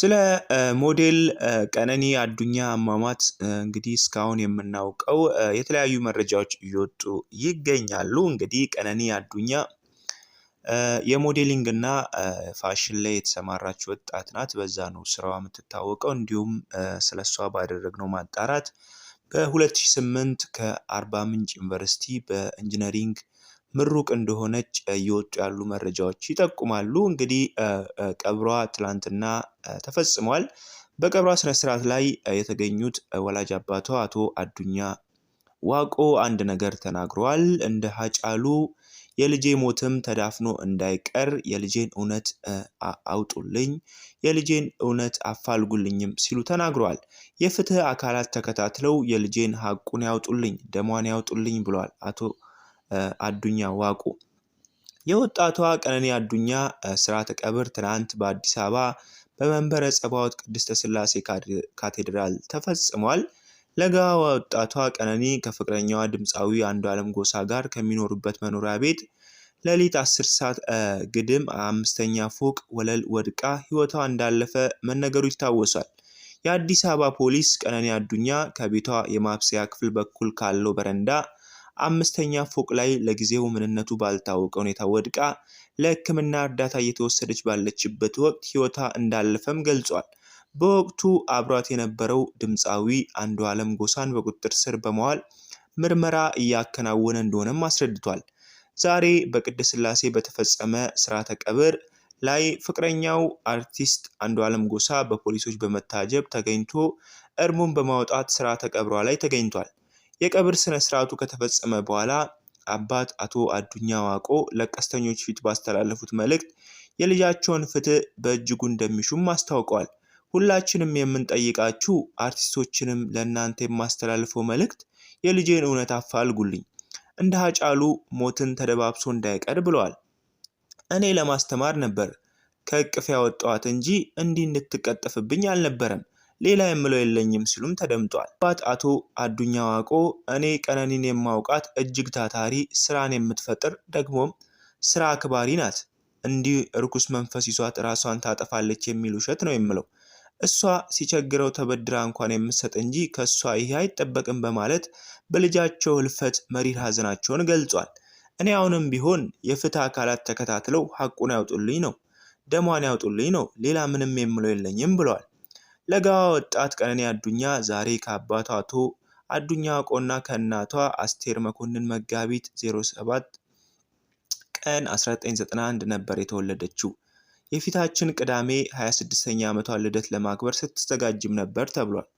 ስለ ሞዴል ቀነኒ አዱኛ አሟሟት እንግዲህ እስካሁን የምናውቀው የተለያዩ መረጃዎች እየወጡ ይገኛሉ። እንግዲህ ቀነኒ አዱኛ የሞዴሊንግ እና ፋሽን ላይ የተሰማራች ወጣት ናት። በዛ ነው ስራዋ የምትታወቀው። እንዲሁም ስለ እሷ ባደረግነው ማጣራት በ2008 ከአርባ ምንጭ ዩኒቨርሲቲ በኢንጂነሪንግ ምሩቅ እንደሆነች እየወጡ ያሉ መረጃዎች ይጠቁማሉ። እንግዲህ ቀብሯ ትላንትና ተፈጽሟል። በቀብሯ ስነ ስርዓት ላይ የተገኙት ወላጅ አባቷ አቶ አዱኛ ዋቆ አንድ ነገር ተናግረዋል። እንደ ሀጫሉ የልጄ ሞትም ተዳፍኖ እንዳይቀር የልጄን እውነት አውጡልኝ፣ የልጄን እውነት አፋልጉልኝም ሲሉ ተናግረዋል። የፍትህ አካላት ተከታትለው የልጄን ሀቁን ያውጡልኝ፣ ደሟን ያውጡልኝ ብለዋል አቶ አዱኛ ዋቁ የወጣቷ ቀነኒ አዱኛ ስርዓተ ቀብር ትናንት በአዲስ አበባ በመንበረ ጸባዖት ቅድስተ ስላሴ ካቴድራል ተፈጽሟል። ለጋ ወጣቷ ቀነኒ ከፍቅረኛዋ ድምፃዊ አንዱዓለም ጎሳ ጋር ከሚኖሩበት መኖሪያ ቤት ሌሊት 10 ሰዓት ግድም አምስተኛ ፎቅ ወለል ወድቃ ህይወቷ እንዳለፈ መነገሩ ይታወሳል። የአዲስ አበባ ፖሊስ ቀነኒ አዱኛ ከቤቷ የማብሰያ ክፍል በኩል ካለው በረንዳ አምስተኛ ፎቅ ላይ ለጊዜው ምንነቱ ባልታወቀ ሁኔታ ወድቃ ለሕክምና እርዳታ እየተወሰደች ባለችበት ወቅት ሕይወቷ እንዳለፈም ገልጿል። በወቅቱ አብሯት የነበረው ድምፃዊ አንዱ ዓለም ጎሳን በቁጥጥር ስር በመዋል ምርመራ እያከናወነ እንደሆነም አስረድቷል። ዛሬ በቅድስ ስላሴ በተፈጸመ ስርዓተ ቀብር ላይ ፍቅረኛው አርቲስት አንዱ ዓለም ጎሳ በፖሊሶች በመታጀብ ተገኝቶ እርሙን በማውጣት ስርዓተ ቀብሯ ላይ ተገኝቷል። የቀብር ስነ ስርዓቱ ከተፈጸመ በኋላ አባት አቶ አዱኛ ዋቆ ለቀስተኞች ፊት ባስተላለፉት መልእክት የልጃቸውን ፍትህ በእጅጉ እንደሚሹም አስታውቀዋል። ሁላችንም የምንጠይቃችሁ አርቲስቶችንም ለእናንተ የማስተላልፈው መልእክት የልጄን እውነት አፋልጉልኝ፣ እንደ ሀጫሉ ሞትን ተደባብሶ እንዳይቀር ብለዋል። እኔ ለማስተማር ነበር ከእቅፍ ያወጣዋት እንጂ እንዲህ እንድትቀጠፍብኝ አልነበረም። ሌላ የምለው የለኝም ሲሉም ተደምጧል። ባት አቶ አዱኛ ዋቆ እኔ ቀነኒን የማውቃት እጅግ ታታሪ፣ ስራን የምትፈጥር ደግሞም ስራ አክባሪ ናት። እንዲህ እርኩስ መንፈስ ይዟት ራሷን ታጠፋለች የሚል ውሸት ነው የምለው። እሷ ሲቸግረው ተበድራ እንኳን የምትሰጥ እንጂ ከእሷ ይሄ አይጠበቅም በማለት በልጃቸው ህልፈት መሪር ሀዘናቸውን ገልጿል። እኔ አሁንም ቢሆን የፍትህ አካላት ተከታትለው ሐቁን ያውጡልኝ ነው ደሟን ያውጡልኝ ነው ሌላ ምንም የምለው የለኝም ብለዋል። ለጋ ወጣት ቀነኔ አዱኛ ዛሬ ከአባቷ አቶ አዱኛ ቆና ከእናቷ አስቴር መኮንን መጋቢት 07 ቀን 1991 ነበር የተወለደችው። የፊታችን ቅዳሜ 26ኛ ዓመቷን ልደት ለማክበር ስትዘጋጅም ነበር ተብሏል።